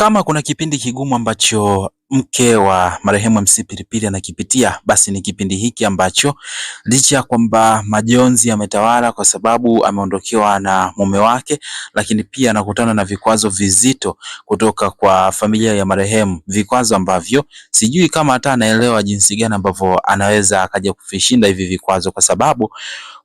Kama kuna kipindi kigumu ambacho mke wa marehemu MC Pilipili anakipitia, basi ni kipindi hiki ambacho licha ya kwamba majonzi yametawala kwa sababu ameondokewa na mume wake, lakini pia anakutana na vikwazo vizito kutoka kwa familia ya marehemu, vikwazo ambavyo sijui kama hata anaelewa jinsi gani ambavyo anaweza akaja kuvishinda hivi vikwazo, kwa sababu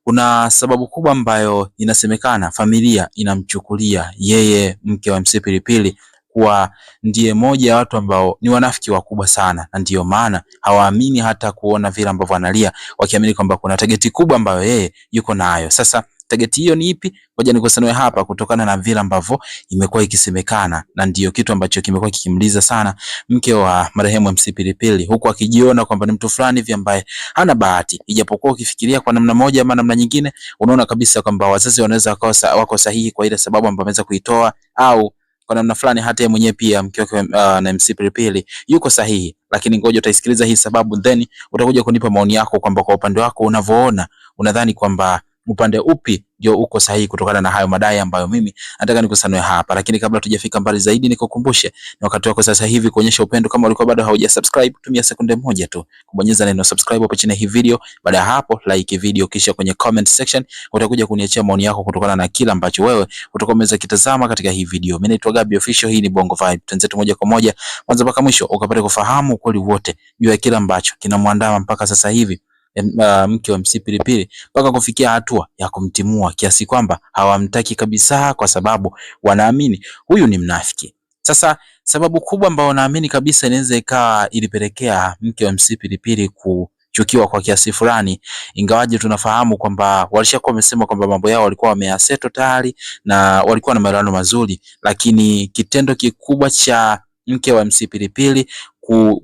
kuna sababu kubwa ambayo inasemekana familia inamchukulia yeye mke wa MC Pilipili kuwa ndiye moja ya watu ambao ni wanafiki wakubwa sana, na ndiyo maana hawaamini hata kuona vile ambavyo analia, wakiamini kwamba kuna tageti kubwa ambayo yeye yuko nayo. Sasa tageti hiyo ni ipi? Ngoja nikusanue hapa, kutokana na vile ambavyo imekuwa ikisemekana, na ndiyo kitu ambacho kimekuwa kikimliza sana mke wa marehemu MC Pilipili, huku akijiona kwamba ni mtu fulani hivi ambaye hana bahati, ijapokuwa ukifikiria kwa namna moja ama namna nyingine, unaona kabisa kwamba wazazi wanaweza wako sahihi kwa ile sababu ambayo ameweza kuitoa au kwa namna fulani hata yeye mwenyewe pia mke wake uh, na MC Pilipili yuko sahihi, lakini ngoja utaisikiliza hii sababu, then utakuja kunipa maoni yako kwamba kwa upande wako unavyoona, unadhani kwamba upande upi ndio uko sahihi kutokana na hayo madai ambayo mimi nataka nikusanue hapa. Lakini kabla tujafika mbali zaidi, nikukumbushe ni wakati wako sasa hivi kuonyesha upendo. Kama ulikuwa bado hauja subscribe, tumia sekunde moja tu kubonyeza neno subscribe hapo chini hii video. Baada ya hapo, like video, kisha kwenye comment section utakuja kuniachia maoni yako kutokana na kila ambacho wewe utakuwa umeweza kitazama katika hii video. Mimi naitwa Gabi Official, hii ni Bongo Vibe, Tuanze tu moja kwa moja mwanzo mpaka mwisho ukapate kufahamu ukweli wote juu ya kila ambacho kinamwandama mpaka sasa hivi uh, mke wa MC Pilipili mpaka kufikia hatua ya kumtimua kiasi kwamba hawamtaki kabisa, kwa sababu wanaamini huyu ni mnafiki. Sasa sababu kubwa ambayo naamini kabisa inaweza ikawa ilipelekea mke wa MC Pilipili ku chukiwa kwa kiasi fulani, ingawaje tunafahamu kwamba walishakuwa wamesema kwamba mambo yao walikuwa wameyaseto tayari na walikuwa na maelewano mazuri, lakini kitendo kikubwa cha mke wa MC Pilipili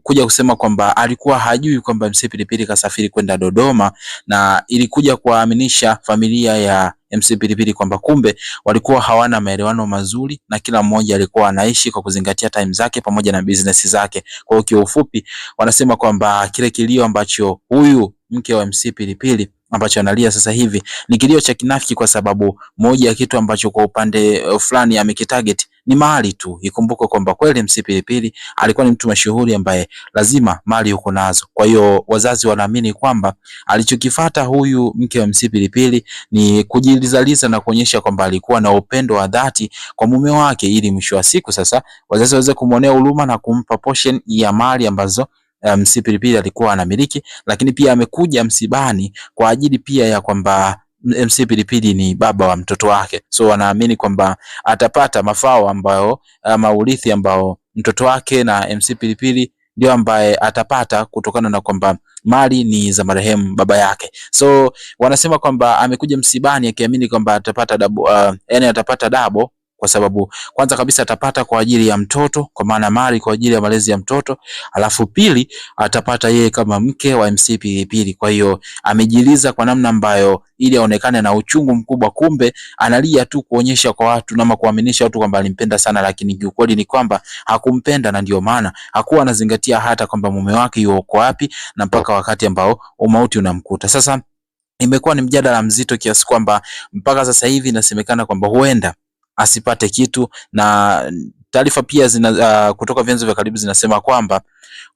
kuja kusema kwamba alikuwa hajui kwamba MC Pilipili kasafiri kwenda Dodoma, na ilikuja kuwaaminisha familia ya MC Pilipili kwamba kumbe walikuwa hawana maelewano mazuri na kila mmoja alikuwa anaishi kwa kuzingatia time zake pamoja na business zake. Kwa hiyo kiufupi, wanasema kwamba kile kilio ambacho huyu mke wa MC Pilipili ambacho analia sasa hivi ni kilio cha kinafiki, kwa sababu moja ya kitu ambacho kwa upande eh, fulani amekitarget ni mali tu. ikumbuke kwamba kweli MC Pilipili alikuwa ni mtu mashuhuri ambaye lazima mali uko nazo. Kwa hiyo wazazi wanaamini kwamba alichokifata huyu mke wa MC Pilipili ni kujilizaliza na kuonyesha kwamba alikuwa na upendo wa dhati kwa mume wake, ili mwisho wa siku sasa wazazi waweze kumwonea huruma na kumpa portion ya mali ambazo eh, MC Pilipili alikuwa anamiliki, lakini pia amekuja msibani kwa ajili pia ya kwamba MC Pilipili ni baba wa mtoto wake, so wanaamini kwamba atapata mafao ambayo ama urithi ambao mtoto wake na MC Pilipili ndio ambaye atapata kutokana na kwamba mali ni za marehemu baba yake. So wanasema kwamba amekuja msibani akiamini kwamba atapata dabo, uh, yani uh, atapata dabo kwa sababu kwanza kabisa atapata kwa ajili ya mtoto, kwa maana mali kwa ajili ya malezi ya mtoto, alafu pili atapata yeye kama mke wa MC Pilipili. Kwa hiyo amejiliza kwa namna ambayo ili aonekane na uchungu mkubwa, kumbe analia tu kuonyesha kwa watu na kuaminisha watu kwamba alimpenda sana, lakini kiukweli ni kwamba hakumpenda, na ndio maana hakuwa anazingatia hata kwamba mume wake yuko wapi, na mpaka wakati ambao umauti unamkuta sasa imekuwa ni mjadala mzito kiasi kwamba mpaka sasa hivi inasemekana kwamba huenda asipate kitu. Na taarifa pia zina, uh, kutoka vyanzo vya karibu zinasema kwamba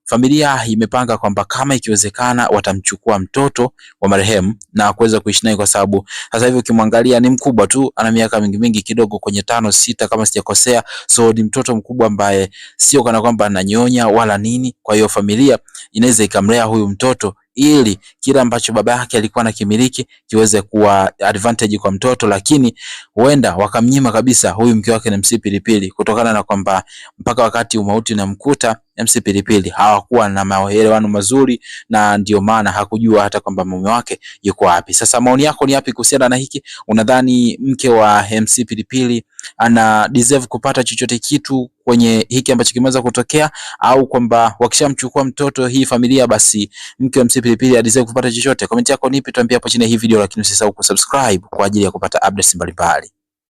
familia imepanga kwamba kama ikiwezekana watamchukua mtoto wa marehemu na kuweza kuishi naye, kwa sababu sasa hivi ukimwangalia ni mkubwa tu, ana miaka mingi mingi kidogo, kwenye tano sita kama sijakosea. So ni mtoto mkubwa ambaye sio kana kwamba ananyonya wala nini, kwa hiyo familia inaweza ikamlea huyu mtoto ili kile ambacho baba yake alikuwa anakimiliki kiweze kuwa advantage kwa mtoto, lakini huenda wakamnyima kabisa. Huyu mke wake ni msi pilipili, kutokana na kwamba mpaka wakati umauti unamkuta MC Pilipili hawakuwa na maelewano mazuri, na ndio maana hakujua hata kwamba mume wake yuko wapi. Sasa maoni yako ni yapi kuhusiana na hiki? Unadhani mke wa MC Pilipili ana deserve kupata chochote kitu kwenye hiki ambacho kimeweza kutokea, au kwamba wakishamchukua mtoto hii familia, basi mke wa MC Pilipili adeserve kupata chochote? Komenti yako nipi, tuambie hapo chini hii video, lakini usisahau kusubscribe kwa ajili ya kupata updates mbalimbali.